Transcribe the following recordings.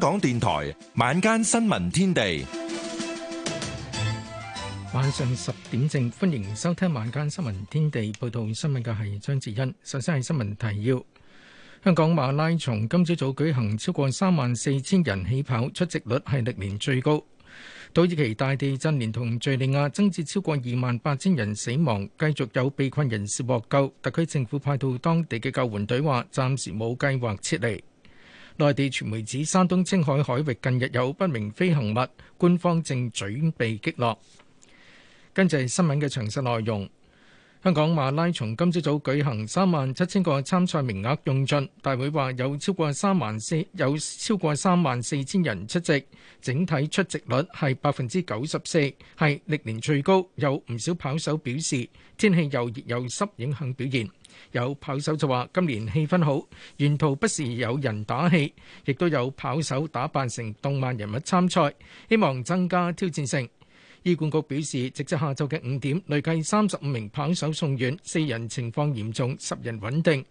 香港電台晚間新聞天地，晚上十點正，歡迎收聽晚間新聞天地。報道新聞嘅係張哲欣。首先係新聞提要：香港馬拉松今朝早舉行，超過三萬四千人起跑，出席率係歷年最高。土耳其大地震連同敘利亞增至超過二萬八千人死亡，繼續有被困人士獲救。特區政府派到當地嘅救援隊話，暫時冇計劃撤離。內地傳媒指，山東青海海域近日有不明飛行物，官方正準備擊落。跟住新聞嘅詳細內容。香港馬拉松今朝早舉行，三萬七千個參賽名額用盡。大會話有超過三萬四有超過三萬四千人出席，整體出席率係百分之九十四，係歷年最高。有唔少跑手表示，天氣又熱又濕影響表現。有跑手就話今年氣氛好，沿途不時有人打氣，亦都有跑手打扮成動漫人物參賽，希望增加挑戰性。醫管局表示，直至下晝嘅五點，累計三十五名跑手送院，四人情況嚴重，十人穩定，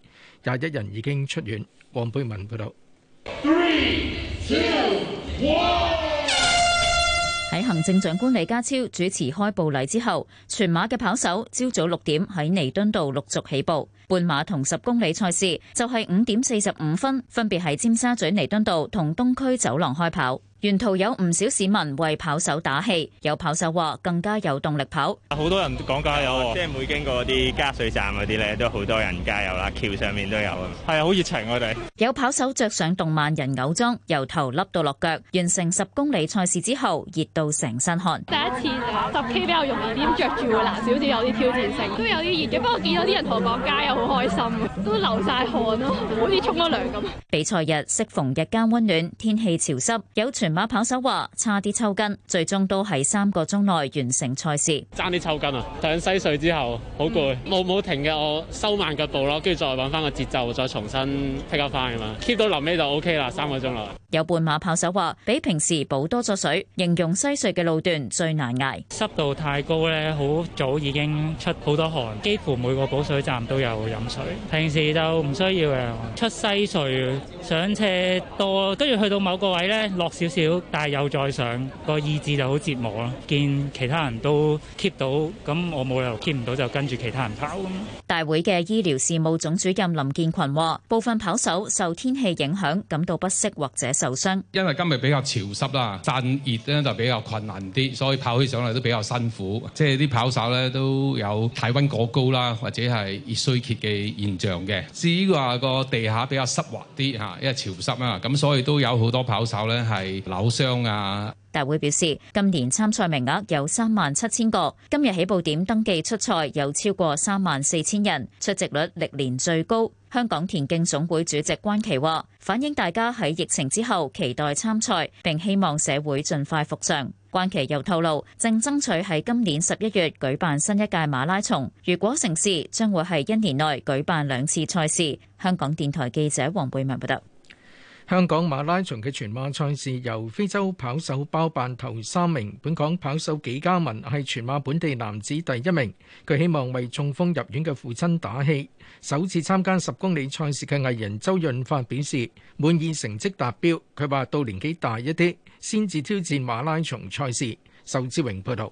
廿一人已經出院。黃佩文報道。喺行政長官李家超主持開步禮之後，全馬嘅跑手朝早六點喺彌敦道陸續起步。半馬同十公里賽事就係、是、五點四十五分，分別喺尖沙咀彌敦道同東區走廊開跑。沿途有唔少市民為跑手打氣，有跑手話更加有動力跑。好多人講加油，有即係每經過啲加水站嗰啲咧，都好多人加油啦，橋上面都有啊。係啊，好熱情我哋。有跑手着上動漫人偶裝，由頭笠到落腳，完成十公里賽事之後，熱到成身汗。第一次十 K 比較容易啲，着住會難少少，有啲挑戰性，都有啲熱嘅。不過見到啲人同我講加油。好開心啊，都流晒汗咯，啊， 好似沖咗涼咁。 比賽日適逢日間溫暖，天氣潮濕，有全馬跑手話差啲抽筋，最終都喺三個鐘內完成賽事。爭啲抽筋啊！上西隧之後好攰，冇冇、嗯、停嘅，我收慢腳步咯，跟住再搵翻個節奏，再重新踢翻咁啊，keep 到臨尾就 OK 啦，三個鐘內。嗯有半馬跑手話，比平時補多咗水，形容西隧嘅路段最難挨。濕度太高咧，好早已經出好多汗，幾乎每個補水站都有飲水。平時就唔需要嘅，出西隧上車多，跟住去到某個位咧落少少，但係又再上，個意志就好折磨咯。見其他人都 keep 到，咁我冇理由 keep 唔到，就跟住其他人跑。大會嘅醫療事務總主任林建群話，部分跑手受天氣影響，感到不適或者。受傷，因為今日比較潮濕啦，散熱呢就比較困難啲，所以跑起上嚟都比較辛苦。即係啲跑手呢都有體温過高啦，或者係熱衰竭嘅現象嘅。至於話個地下比較濕滑啲吓，因為潮濕啊，咁所以都有好多跑手呢係扭傷啊。大會表示，今年參賽名額有三萬七千個，今日起步點登記出賽有超過三萬四千人，出席率歷年最高。香港田徑總會主席關琪話，反映大家喺疫情之後期待參賽，並希望社會盡快復常。關琪又透露，正爭取喺今年十一月舉辦新一屆馬拉松，如果成事，將會喺一年內舉辦兩次賽事。香港電台記者黃貝文報道。香港馬拉松嘅全馬賽事由非洲跑手包辦頭三名，本港跑手紀嘉文係全馬本地男子第一名。佢希望為中風入院嘅父親打氣。首次參加十公里賽事嘅藝人周潤發表示滿意成績達標。佢話到年紀大一啲先至挑戰馬拉松賽事。仇志榮報導。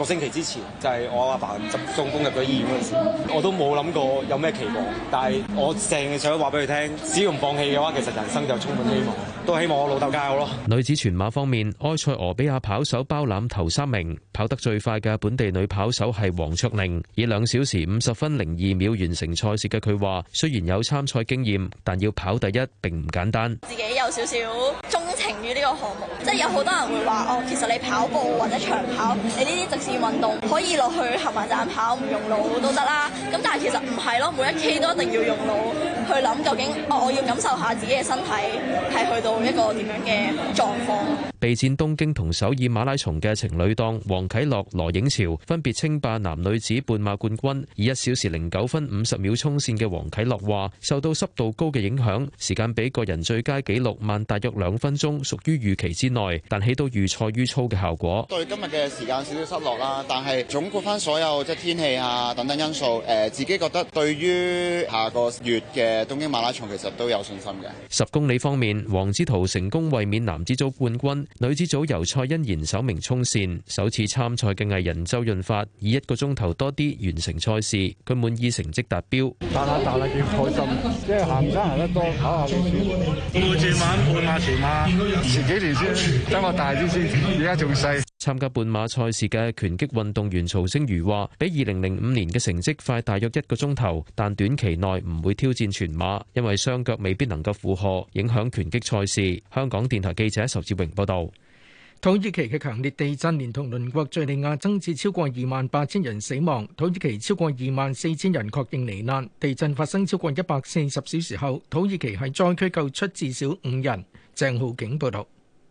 個星期之前就係、是、我阿爸急送工入咗醫院嗰時，我都冇諗過有咩期望，但係我成日想話俾佢聽，只要唔放棄嘅話，其實人生就充滿希望。都希望我老豆教我咯。女子全馬方面，埃塞俄比亞跑手包攬頭三名，跑得最快嘅本地女跑手係黃卓寧，以兩小時五十分零二秒完成賽事嘅佢話：雖然有參賽經驗，但要跑第一並唔簡單。自己有少少鍾情於呢個項目，即係有好多人會話：哦，其實你跑步或者長跑，你呢啲即運動可以落去行埋單跑唔用腦都得啦，咁但係其實唔係咯，每一 K 都一定要用腦去諗究竟，我、哦、我要感受下自己嘅身體係去到一個點樣嘅狀況。備戰東京同首爾馬拉松嘅情侶檔黃啟樂羅影潮分別稱霸男女子半馬冠軍，以一小時零九分五十秒衝線嘅黃啟樂話：受到濕度高嘅影響，時間比個人最佳紀錄慢大約兩分鐘，屬於預期之內，但起到預賽預操嘅效果。對今日嘅時間少少失落。啦，但係總括翻所有，即係天氣啊等等因素，誒、呃、自己覺得對於下個月嘅東京馬拉松其實都有信心嘅。十公里方面，黃子圖成功衛冕男子組冠軍，女子組由蔡欣然首名衝線。首次參賽嘅藝人周潤發以一個鐘頭多啲完成賽事，佢滿意成績達標。拳擊運動員曹星如話，比2005年嘅成績快大約一個鐘頭，但短期內唔會挑戰全馬，因為雙腳未必能夠負荷，影響拳擊賽事。香港電台記者仇志榮報導。土耳其嘅強烈地震連同鄰國敘利亞增至超過2萬8千人死亡，土耳其超過2萬4千人確定罹難。地震發生超過140小時後，土耳其喺災區救出至少五人。鄭浩景報導。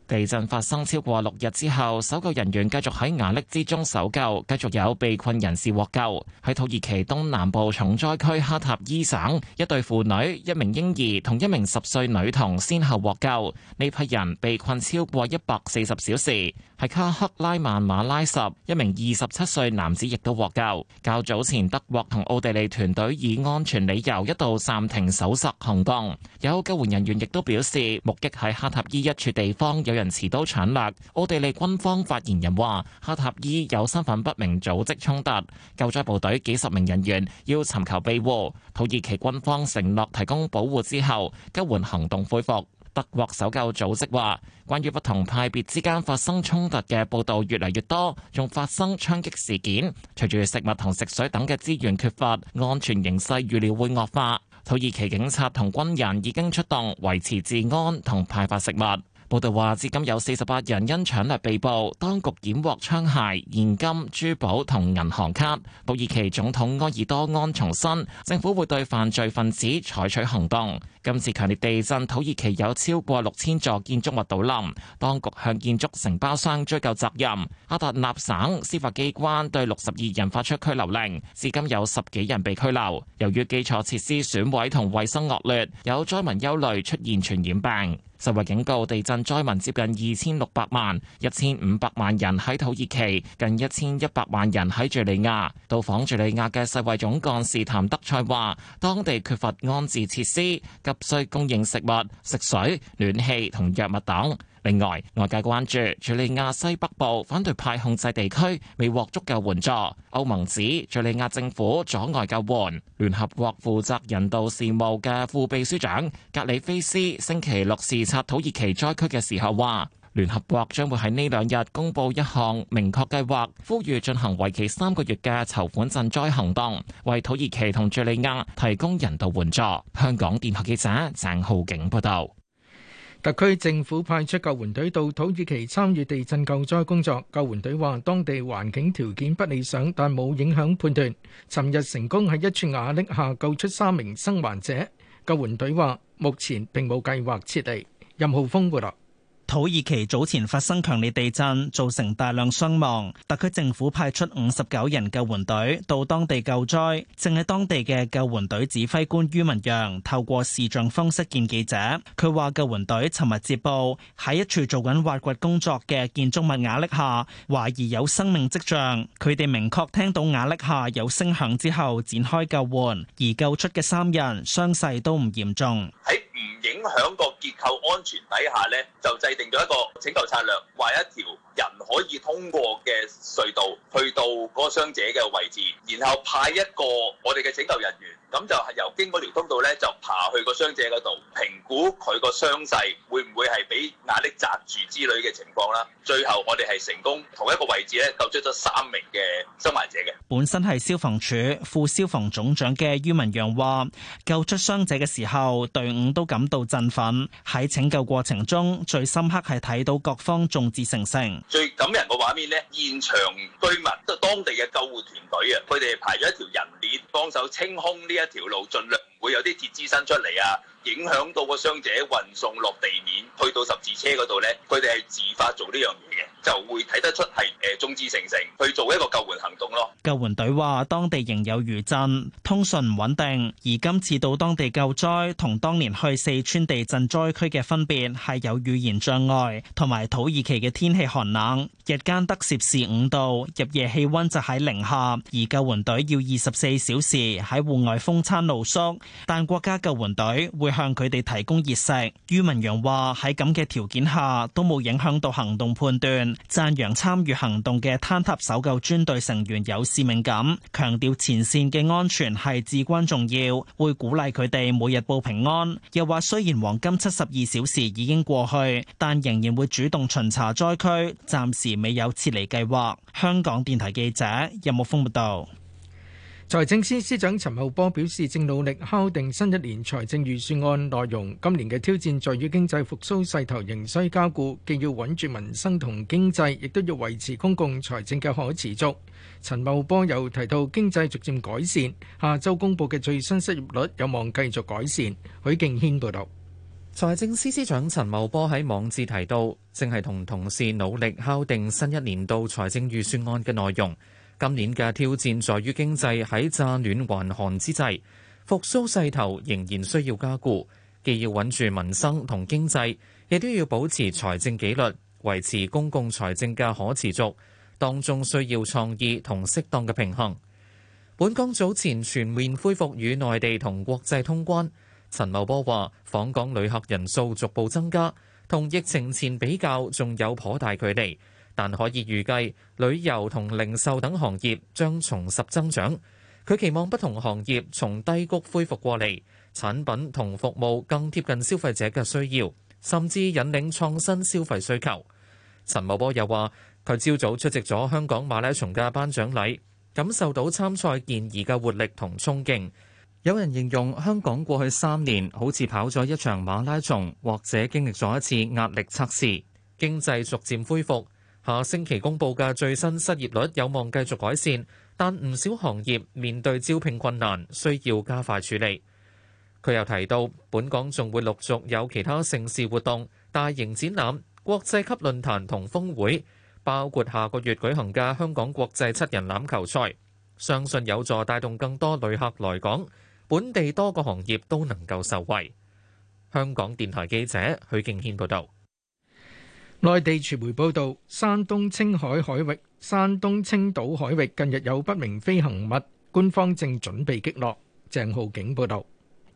地震發生超過六日之後，搜救人員繼續喺瓦礫之中搜救，繼續有被困人士獲救。喺土耳其東南部重災區哈塔伊省，一對父女、一名嬰兒同一名十歲女童，先後獲救。呢批人被困超過一百四十小時。係卡赫拉曼馬拉什一名二十七歲男子亦都獲救。較早前德國同奧地利團隊以安全理由一度暫停搜索行動。有救援人員亦都表示，目擊喺哈塔伊一處地方有人持刀搶掠。奧地利軍方發言人話，哈塔伊有身份不明組織衝突，救災部隊幾十名人員要尋求庇護。土耳其軍方承諾提供保護之後，救援行動恢復。德國搜救組織話，關於不同派別之間發生衝突嘅報道越嚟越多，仲發生槍擊事件。隨住食物同食水等嘅資源缺乏，安全形勢預料會惡化。土耳其警察同軍人已經出動維持治安同派發食物。報道話，至今有四十八人因搶掠被捕，當局檢獲槍械、現金、珠寶同銀行卡。土耳其總統埃爾多安重申，政府會對犯罪分子採取行動。今次強烈地震，土耳其有超過六千座建築物倒冧，當局向建築承包商追究責任。阿達納省司法機關對六十二人發出拘留令，至今有十幾人被拘留。由於基礎設施損毀同衛生惡劣，有災民憂慮出現傳染病。世衛警告地震災民接近二千六百萬，一千五百萬人喺土耳其，近一千一百萬人喺敘利亞。到訪敘利亞嘅世衛總幹事譚德塞話，當地缺乏安置設施，需供應食物、食水、暖氣同藥物等。另外，外界關注敘利亞西北部反對派控制地區未獲足夠援助。歐盟指敘利亞政府阻礙救援。聯合國負責人道事務嘅副秘書長格里菲斯星期六視察土耳其災區嘅時候話，聯合國將會喺呢兩日公布一項明確計劃，呼籲進行為期三個月嘅籌款賑災行動，為土耳其同敘利亞提供人道援助。香港電台記者鄭浩景報道。特區政府派出救援隊到土耳其參與地震救災工作。救援隊話，當地環境條件不理想，但冇影響判斷。尋日成功喺一處瓦礫下救出三名生還者。救援隊話，目前並冇計劃撤離。任浩峰報導。土耳其早前發生強烈地震，造成大量傷亡。特區政府派出五十九人救援隊到當地救災。正係當地嘅救援隊指揮官于文陽透過視像方式見記者，佢話救援隊尋日接報喺一處做緊挖掘工作嘅建築物瓦礫下，懷疑有生命跡象。佢哋明確聽到瓦礫下有聲響之後展開救援，而救出嘅三人傷勢都唔嚴重。響個結構安全底下咧，就制定咗一個拯救策略，話一條。人可以通過嘅隧道去到個傷者嘅位置，然後派一個我哋嘅拯救人員，咁就係由經嗰條通道咧，就爬去個傷者嗰度評估佢個傷勢會唔會，係俾壓力砸住之類嘅情況啦。最後我哋係成功同一個位置咧救出咗三名嘅失迷者嘅。本身係消防處副消防總長嘅于文陽話救出傷者嘅時候，隊伍都感到振奮，喺拯救過程中，最深刻係睇到各方眾志成城。最感人嘅畫面咧，現場居民都係當地嘅救護團隊，啊，佢哋排咗一條人鏈，幫手清空呢一條路，盡量唔會有啲鐵枝伸出嚟。影響到個傷者運送落地面，去到十字車嗰度，呢佢哋係自發做呢樣嘢嘅，就會睇得出係誒眾志成城去做一個救援行動咯。救援隊話，當地仍有餘震，通訊唔穩定，而今次到當地救災同當年去四川地震災區嘅分別係有語言障礙同埋土耳其嘅天氣寒冷，日間得攝氏五度，入夜氣溫就喺零下，而救援隊要二十四小時喺戶外風餐露宿，但國家救援隊會。向佢哋提供熱食。于文陽話喺咁嘅條件下都冇影響到行動判斷，讚揚參與行動嘅坍塌搜救專隊成員有使命感，強調前綫嘅安全係至關重要，會鼓勵佢哋每日報平安。又話，雖然黃金七十二小時已經過去，但仍然會主動巡查災區，暫時未有撤離計劃。香港電台記者任木峰報道。財政司司長陳茂波表示，正努力敲定新一年財政預算案內容。今年嘅挑戰在於經濟復蘇勢頭仍需加固，既要穩住民生同經濟，亦都要維持公共財政嘅可持續。陳茂波又提到，經濟逐漸改善，下周公布嘅最新失業率有望繼續改善。許敬軒報道。財政司司長陳茂波喺網誌提到，正係同同事努力敲定新一年度財政預算案嘅內容。今年嘅挑戰在於經濟喺乍暖還寒之際，復蘇勢頭仍然需要加固，既要穩住民生同經濟，亦都要保持財政紀律，維持公共財政嘅可持續，當中需要創意同適當嘅平衡。本港早前全面恢復與內地同國際通關，陳茂波話：訪港旅客人數逐步增加，同疫情前比較仲有頗大距離。但可以預計，旅遊同零售等行業將重拾增長。佢期望不同行業從低谷恢復過嚟，產品同服務更貼近消費者嘅需要，甚至引領創新消費需求。陳茂波又話，佢朝早出席咗香港馬拉松嘅頒獎禮，感受到參賽健兒嘅活力同衝勁。有人形容香港過去三年好似跑咗一場馬拉松，或者經歷咗一次壓力測試，經濟逐漸恢復。下星期公布嘅最新失業率有望繼續改善，但唔少行業面對招聘困難，需要加快處理。佢又提到，本港仲會陸續有其他盛事活動、大型展覽、國際級論壇同峰會，包括下個月舉行嘅香港國際七人欖球賽，相信有助帶動更多旅客來港，本地多個行業都能夠受惠。香港電台記者許敬軒報道。內地傳媒報道，山東青海海域、山東青島海域近日有不明飛行物，官方正準備擊落。鄭浩景報道。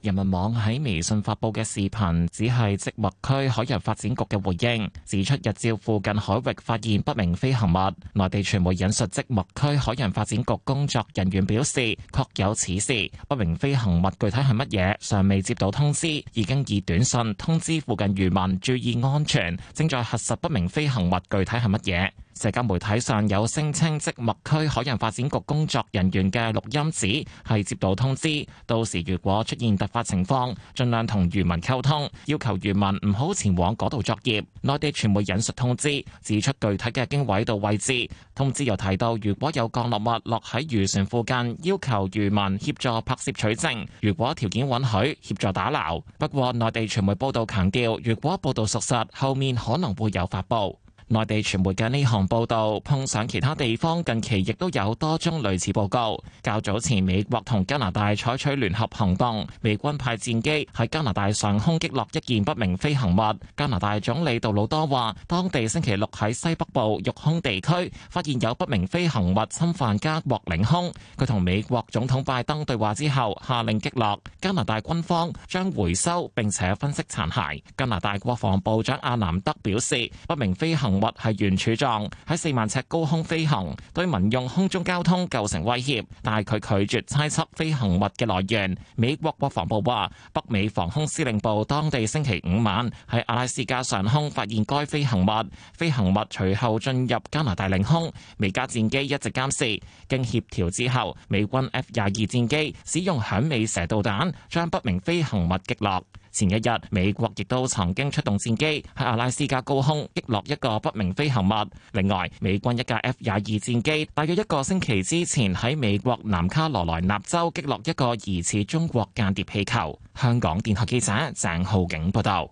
人民網喺微信發布嘅視頻只係即墨區海洋發展局嘅回應，指出日照附近海域發現不明飛行物。內地傳媒引述即墨區海洋發展局工作人員表示，確有此事。不明飛行物具體係乜嘢，尚未接到通知，已經以短信通知附近漁民注意安全，正在核實不明飛行物具體係乜嘢。社交媒體上有聲稱，即墨區海洋發展局工作人員嘅錄音指係接到通知，到時如果出現突發情況，盡量同漁民溝通，要求漁民唔好前往嗰度作業。內地傳媒引述通知，指出具體嘅經緯度位置。通知又提到，如果有降落物落喺漁船附近，要求漁民協助拍攝取證。如果條件允許，協助打撈。不過，內地傳媒報道強調，如果報道屬實，後面可能會有發布。內地傳媒嘅呢項報導，碰上其他地方近期亦都有多宗類似報告。較早前，美國同加拿大採取聯合行動，美軍派戰機喺加拿大上空擊落一件不明飛行物。加拿大總理杜魯多話，當地星期六喺西北部育空地區發現有不明飛行物侵犯加國領空。佢同美國總統拜登對話之後，下令擊落。加拿大軍方將回收並且分析殘骸。加拿大國防部長阿南德表示，不明飛行物係圓柱狀，喺四萬尺高空飛行，對民用空中交通構成威脅，但係佢拒絕猜測飛行物嘅來源。美國國防部話，北美防空司令部當地星期五晚喺阿拉斯加上空發現該飛行物，飛行物隨後進入加拿大領空，美加戰機一直監視，經協調之後，美軍 F 廿二戰機使用響尾蛇導彈將不明飛行物擊落。前一日，美國亦都曾經出動戰機喺阿拉斯加高空擊落一個不明飛行物。另外，美軍一架 F 廿二戰機，大約一個星期之前喺美國南卡羅來納州擊落一個疑似中國間諜氣球。香港電台記者鄭浩景報道。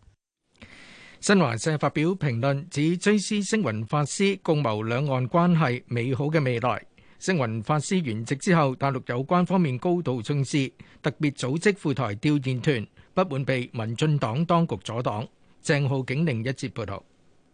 新華社發表評論指追思星雲法師，共謀兩岸關係美好嘅未來。星雲法師圓寂之後，大陸有關方面高度重視，特別組織赴台吊唁團。不滿被民進黨當局阻擋，鄭浩景另一節報導。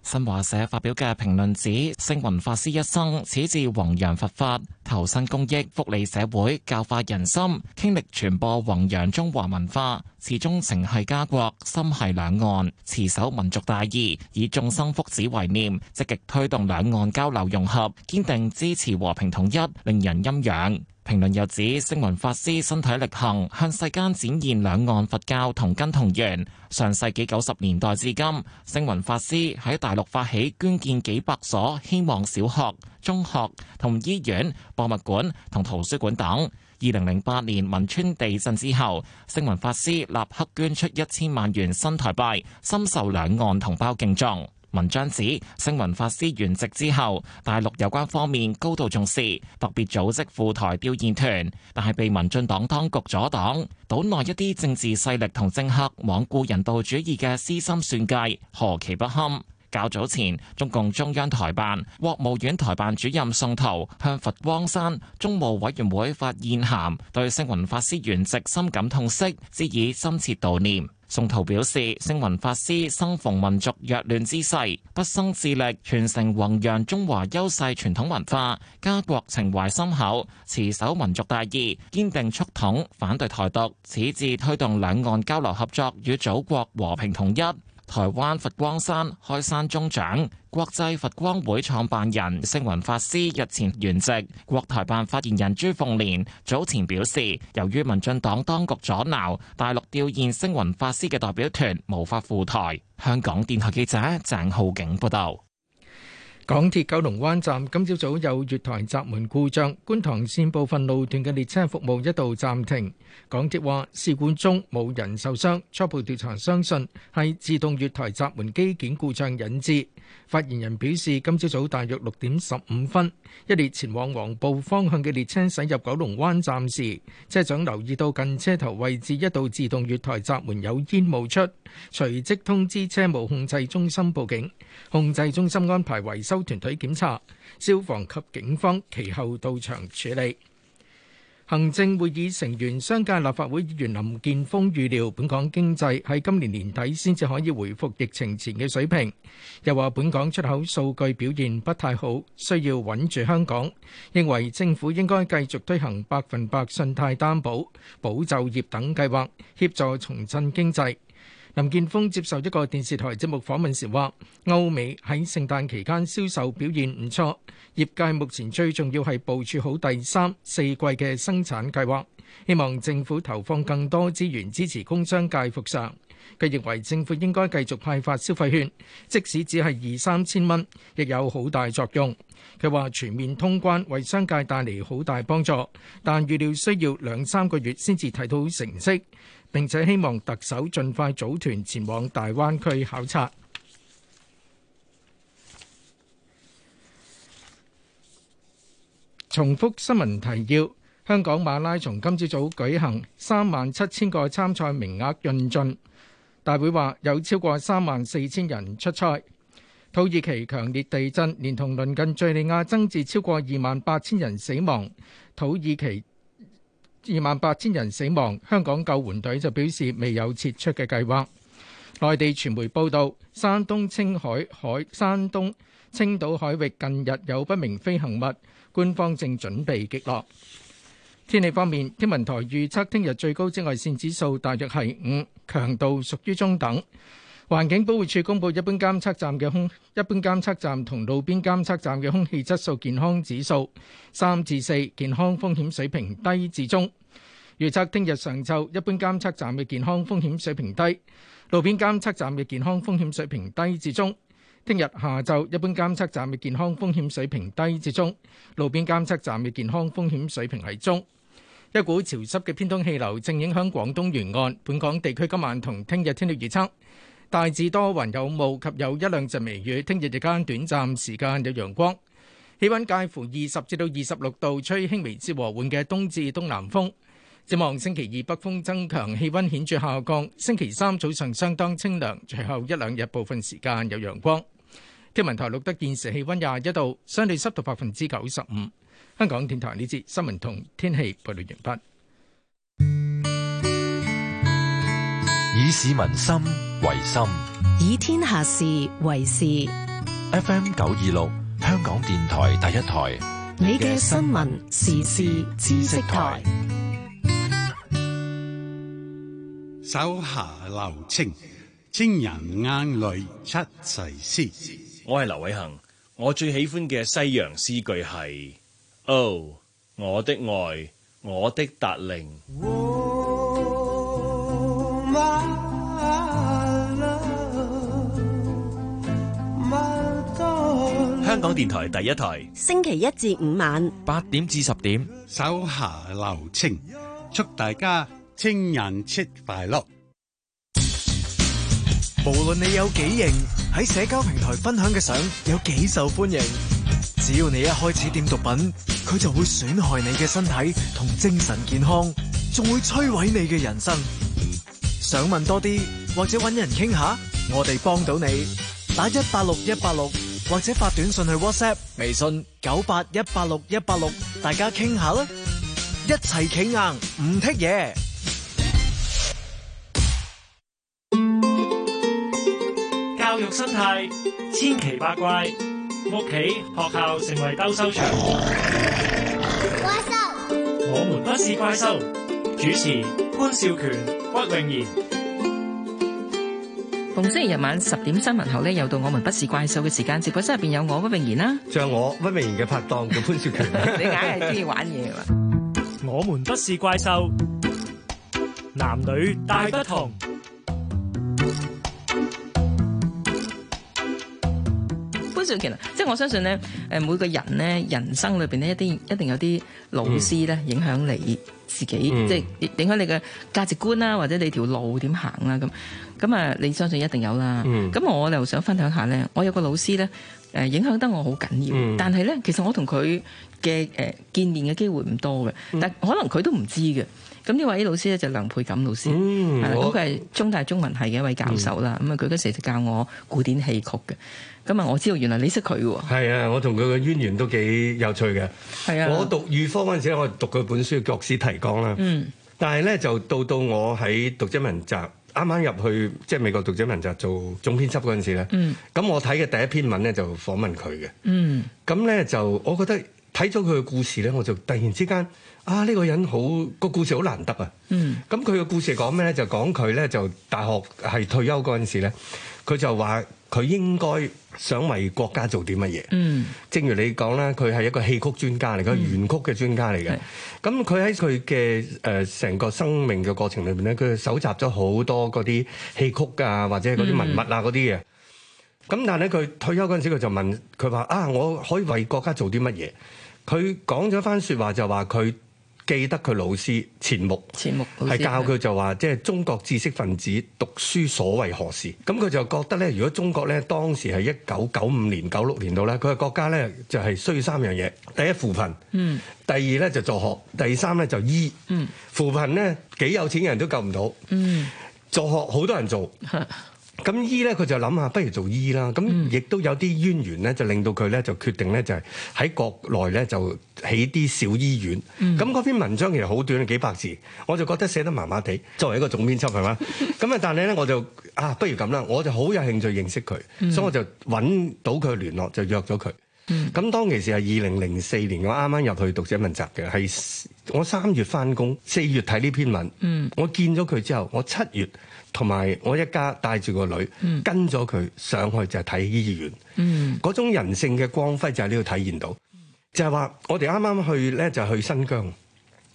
新華社發表嘅評論指，星雲法師一生矢志弘揚佛法，投身公益、福利社會、教化人心，傾力傳播弘揚中華文化，始終情繫家國，心係兩岸，持守民族大義，以眾生福祉為念，積極推動兩岸交流融合，堅定支持和平統一，令人欽仰。評論又指，星雲法師身體力行向世間展現兩岸佛教同根同源。上世紀九十年代至今，星雲法師喺大陸發起捐建幾百所希望小學、中學同醫院、博物館同圖書館等。二零零八年汶川地震之後，星雲法師立刻捐出一千萬元新台幣，深受兩岸同胞敬重。文章指，星雲法師圓寂之後，大陸有關方面高度重視，特別組織赴台弔唁團，但係被民進黨當局阻擋，島內一啲政治勢力同政客罔顧人道主義嘅私心算計，何其不堪！較早前，中共中央台辦、國務院台辦主任宋濤向佛光山中務委員會發唁函，對星雲法師圓寂深感痛惜，致以深切悼念。宋濤表示，星雲法師生逢民族弱亂之勢，不生自力，傳承弘揚中華優勢傳統文化，家國情懷深厚，持守民族大義，堅定促統，反對台獨，矢志推動兩岸交流合作與祖國和平統一。台灣佛光山開山宗長、國際佛光會創辦人星雲法師日前圓寂。國台辦發言人朱鳳蓮早前表示，由於民進黨當局阻撓，大陸吊唁星雲法師嘅代表團無法赴台。香港電台記者鄭浩景報道。港鐵九龍灣站今朝早有月台閘門故障，觀塘綫部分路段嘅列車服務一度暫停。港鐵話事故中冇人受傷，初步調查相信係自動月台閘門機件故障引致。發言人表示，今朝早大約六點十五分，一列前往黃埔方向嘅列車駛入九龍灣站時，車長留意到近車頭位置一度自動月台閘門有煙冒出，隨即通知車務控制中心報警。控制中心安排維修團隊檢查，消防及警方其後到場處理。行政會議成員、商界立法會議員林健鋒預料，本港經濟喺今年年底先至可以回復疫情前嘅水平。又話本港出口數據表現不太好，需要穩住香港。認為政府應該繼續推行百分百信貸擔保、保就業等計劃，協助重振經濟。林健鋒接受一個電視台節目訪問時話，歐美喺聖誕期間銷售表現唔錯，業界目前最重要係部署好第三、四季嘅生產計劃，希望政府投放更多資源支持工商界復常。佢認為政府應該繼續派發消費券，即使只係二三千蚊，亦有好大作用。佢話全面通關為商界帶嚟好大幫助，但預料需要兩三個月先至睇到成績。並且希望特首盡快組團前往大灣區考察。重複新聞提要：香港馬拉松今朝早舉行，三萬七千個參賽名額盡盡。大會話有超過三萬四千人出賽。土耳其強烈地震連同鄰近敍利亞，增至超過二萬八千人死亡。土耳其二萬八千人死亡，香港救援隊就表示未有撤出嘅計劃。內地傳媒報道，山東、青海海、山東青島海域近日有不明飛行物，官方正準備擊落。天氣方面，天文台預測聽日最高紫外線指數大約係五，強度屬於中等。環境保護署公布一般監測站嘅空一般監測站同路邊監測站嘅空氣質素健康指數三至四，健康風險水平低至中。預測聽日上晝一般監測站嘅健康風險水平低，路邊監測站嘅健康風險水平低至中。聽日下晝一般監測站嘅健康風險水平低至中，路邊監測站嘅健康風險水平係中。一股潮濕嘅偏東氣流正影響廣東沿岸本港地區，今晚同聽日天氣預測。大致多雲有霧及有一兩陣微雨，聽日日間短暫時間有陽光，氣溫介乎二十至到二十六度，吹輕微至和緩嘅東至東南風。展望星期二北風增強，氣溫顯著下降。星期三早上相當清涼，隨後一兩日部分時間有陽光。天文台錄得現時氣溫廿一度，相對濕度百分之九十五。香港電台呢節新聞同天氣報道完畢，以市民心為心，以天下事為事。FM 九二六，香港電台第一台，你嘅新聞時事知識台。手下留情，清人眼淚出世詩。我係劉偉恒，我最喜歡嘅西洋詩句係哦，oh, 我的愛，我的達令。香港電台第一台，星期一至五晚八點至十點，手下留情，祝大家情人節快樂。無論你有幾型喺社交平台分享嘅相有幾受歡迎，只要你一開始點毒品，佢就會損害你嘅身體同精神健康，仲會摧毀你嘅人生。想問多啲或者搵人傾下，我哋幫到你，打一八六一八六。或者發短信去 WhatsApp、微信九八一八六一八六，大家傾下啦，一齊企硬唔剔嘢。教育生態千奇百怪，屋企、學校成為鬥獸場。怪獸，我們不是怪獸。主持：潘少權、屈穎賢。逢星期日晚十點新聞後咧，又到我們不是怪獸嘅時間，直播室入邊有我屈穎賢啦，仲有我屈穎賢嘅拍檔叫潘少強，你硬係中意玩嘢。我們不是怪獸，男女大不同。即係，我相信咧，誒，每個人咧，人生裏邊咧，一啲一定有啲老師咧，影響你自己，嗯、即係影響你嘅價值觀啦，或者你條路點行啦，咁咁啊，你相信一定有啦。咁、嗯、我又想分享下咧，我有個老師咧，誒，影響得我好緊要，嗯、但係咧，其實我同佢嘅誒見面嘅機會唔多嘅，但可能佢都唔知嘅。咁呢位老師咧就梁佩錦老師，咁佢係中大中文系嘅一位教授啦。咁啊、嗯，佢嗰時就教我古典戲曲嘅。咁啊，我知道原來你識佢嘅？係啊，我同佢嘅淵源都幾有趣嘅。係啊的，我讀預科嗰陣時，我讀佢本書《國史提綱》啦。嗯。但係咧，就到到我喺讀者文摘，啱啱入去即係、就是、美國讀者文摘做總編輯嗰陣時咧。嗯。咁我睇嘅第一篇文咧就訪問佢嘅。嗯。咁咧、嗯、就我覺得。睇咗佢嘅故事咧，我就突然之間啊，呢、這個人好、這個故事好難得啊。嗯，咁佢嘅故事講咩咧？就講佢咧就大學係退休嗰陣時咧，佢就話佢應該想為國家做啲乜嘢。嗯，正如你講啦，佢係一個戲曲專家嚟，個原曲嘅專家嚟嘅。咁佢喺佢嘅誒成個生命嘅過程裏面咧，佢搜集咗好多嗰啲戲曲啊，或者係嗰啲文物啊嗰啲嘢。嗯咁但係咧，佢退休嗰陣時，佢就問佢話：啊，我可以為國家做啲乜嘢？佢講咗一番説話，就話佢記得佢老師錢穆，錢穆係教佢就話，即係中國知識分子讀書所為何事？咁佢就覺得咧，如果中國咧當時係一九九五年、九六年度咧，佢國家咧就係、是、需要三樣嘢：第一扶貧，嗯；第二咧就助學，第三咧就醫。嗯，扶貧咧幾有錢人都救唔到，嗯，助學好多人做，嗯 咁醫咧，佢就諗下，不如做醫啦。咁亦都有啲淵源咧，就令到佢咧就決定咧，就係、是、喺國內咧就起啲小醫院。咁嗰篇文章其實好短，幾百字，我就覺得寫得麻麻地。作為一個總編輯，係嘛？咁啊，但係咧，我就啊，不如咁啦，我就好有興趣認識佢，嗯、所以我就揾到佢聯絡，就約咗佢。咁、嗯、當其時係二零零四年，我啱啱入去讀者文摘嘅，係。我三月翻工，四月睇呢篇文，嗯、我見咗佢之後，我七月同埋我一家帶住個女、嗯、跟咗佢上去就係睇醫院，嗰、嗯、種人性嘅光輝就係呢度體現到，就係、是、話我哋啱啱去咧就去新疆，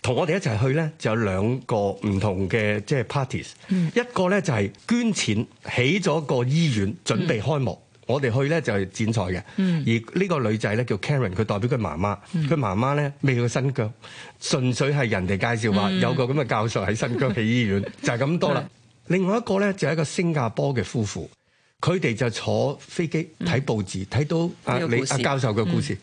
同我哋一齊去咧就有兩個唔同嘅即係 parties，一個咧就係捐錢起咗個醫院準備開幕。嗯嗯我哋去咧就係剪彩嘅，嗯、而呢個女仔咧叫 Karen，佢代表佢媽媽，佢媽媽咧未去過新疆，純粹係人哋介紹話、嗯、有個咁嘅教授喺新疆嘅醫院， 就係咁多啦。是另外一個咧就係、是、一個新加坡嘅夫婦，佢哋就坐飛機睇報紙睇到阿李阿教授嘅故事。啊